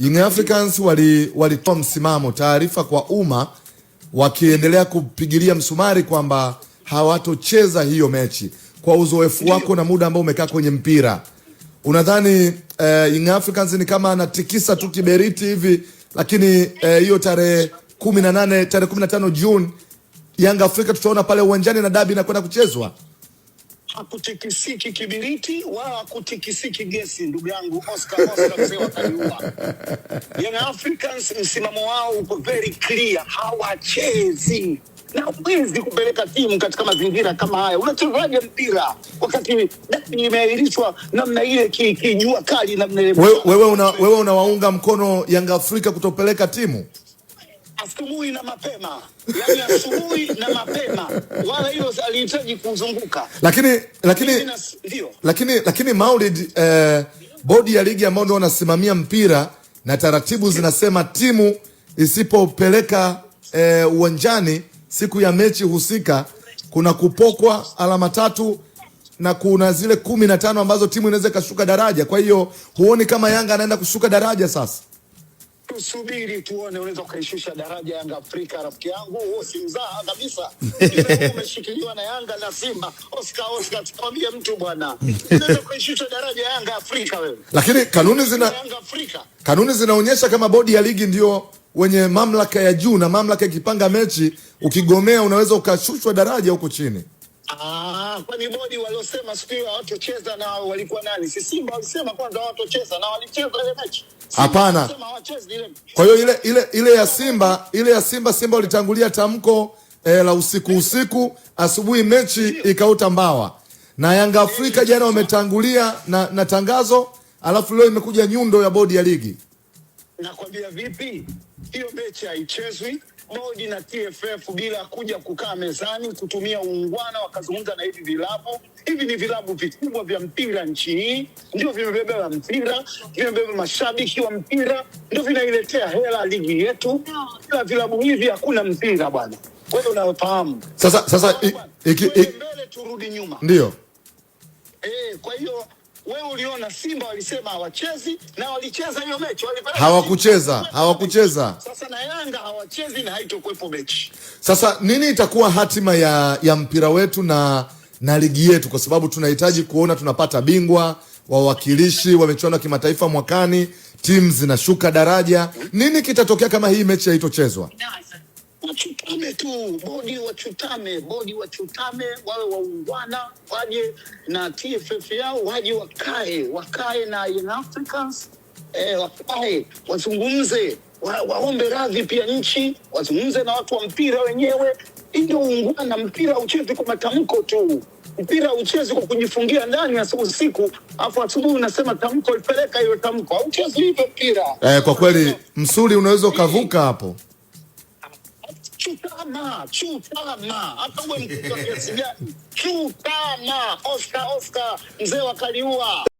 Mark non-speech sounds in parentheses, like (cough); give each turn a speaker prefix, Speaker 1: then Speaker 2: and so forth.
Speaker 1: Young Africans walitoa wali msimamo, taarifa kwa umma, wakiendelea kupigilia msumari kwamba hawatocheza hiyo mechi. Kwa uzoefu wako na muda ambao umekaa kwenye mpira, unadhani eh, Young Africans ni kama anatikisa tu kiberiti hivi, lakini eh, hiyo eh, tarehe 18 tarehe 15 na tano Juni Yanga Afrika tutaona pale uwanjani na dabi inakwenda kuchezwa?
Speaker 2: hakutikisiki kibiriti wala hakutikisiki gesi. Ndugu yangu Oscar, Oscar Young Africans msimamo wao uko very clear, hawachezi na huwezi kupeleka timu katika mazingira kama haya. Unachezaje mpira wakati imeahirishwa namna ile, kijua kali namna
Speaker 1: Wewe unawaunga mkono Yanga Afrika kutopeleka timu
Speaker 2: asubuhi na mapema, yani asubuhi na mapema, wala hilo alihitaji kuzunguka.
Speaker 1: Lakini lakini ndio lakini lakini Maulid, eh, bodi ya ligi ambao ndio wanasimamia mpira na taratibu zinasema timu isipopeleka eh, uwanjani siku ya mechi husika kuna kupokwa alama tatu na kuna zile kumi na tano ambazo timu inaweza ikashuka daraja. Kwa hiyo huoni kama Yanga anaenda kushuka daraja sasa?
Speaker 2: tusubiri tuone, unaweza ukaishusha daraja Yanga Afrika. Rafiki yangu huo si mzaha kabisa, (laughs) umeshikiliwa na Yanga na Simba. Oscar, Oscar, tukwambie mtu bwana, unaweza ukaishusha daraja Yanga Afrika wewe.
Speaker 1: Lakini kanuni zina Yanga Afrika, kanuni zinaonyesha kama bodi ya ligi ndio wenye mamlaka ya juu, na mamlaka ikipanga mechi, ukigomea unaweza ukashushwa daraja huko chini.
Speaker 2: Ah, kwani bodi waliosema siku hiyo hawatocheza na walikuwa nani? Si Simba walisema kwanza hawatocheza na walicheza ile mechi
Speaker 1: Hapana. Kwa hiyo ile ile ile ya Simba ile ya Simba, Simba walitangulia tamko eh, la usiku usiku, asubuhi mechi ikauta mbawa, na Yanga Afrika jana wametangulia na, na tangazo, alafu leo imekuja nyundo ya bodi ya ligi
Speaker 2: nakwambia vipi, hiyo mechi haichezwi bodi na TFF bila kuja kukaa mezani kutumia uungwana, wakazungumza na hivi vilabu. Hivi ni vilabu vikubwa vya mpira nchi hii, ndio vimebeba mpira, vimebeba mashabiki wa mpira, ndio vinailetea hela ligi yetu. Bila vilabu hivi hakuna mpira bwana, wewe unayofahamu.
Speaker 1: Sasa sasa, mbele
Speaker 2: turudi nyuma, ndio e, kwa hiyo wewe uliona Simba walisema hawachezi na walicheza hiyo mechi,
Speaker 1: hawakucheza hawakucheza.
Speaker 2: Sasa na Yanga hawachezi na haitokuwepo mechi.
Speaker 1: Sasa nini itakuwa hatima ya, ya mpira wetu na na ligi yetu, kwa sababu tunahitaji kuona tunapata bingwa wawakilishi wa michuano ya kimataifa mwakani, timu zinashuka daraja. Nini kitatokea kama hii mechi haitochezwa?
Speaker 2: wachutame tu, bodi wachutame, bodi wachutame, wawe waungwana, waje na TFF yao, waje wakae, wakae na Young Africans eh, wakae wazungumze, wa, waombe radhi pia nchi, wazungumze na watu wa mpira wenyewe, ndio uungwana. Mpira uchezi kwa matamko tu mpira uchezi kwa kujifungia ndani hasa usiku, afu asubuhi unasema tamko lipeleka hiyo tamko, auchezi hivyo mpira
Speaker 1: eh. Kwa kweli msuli unaweza ukavuka hapo
Speaker 2: chutama, chutama, hata uwe mkubwa kiasi gani, chutama. Oscar, Oscar, mzee wa Kaliua.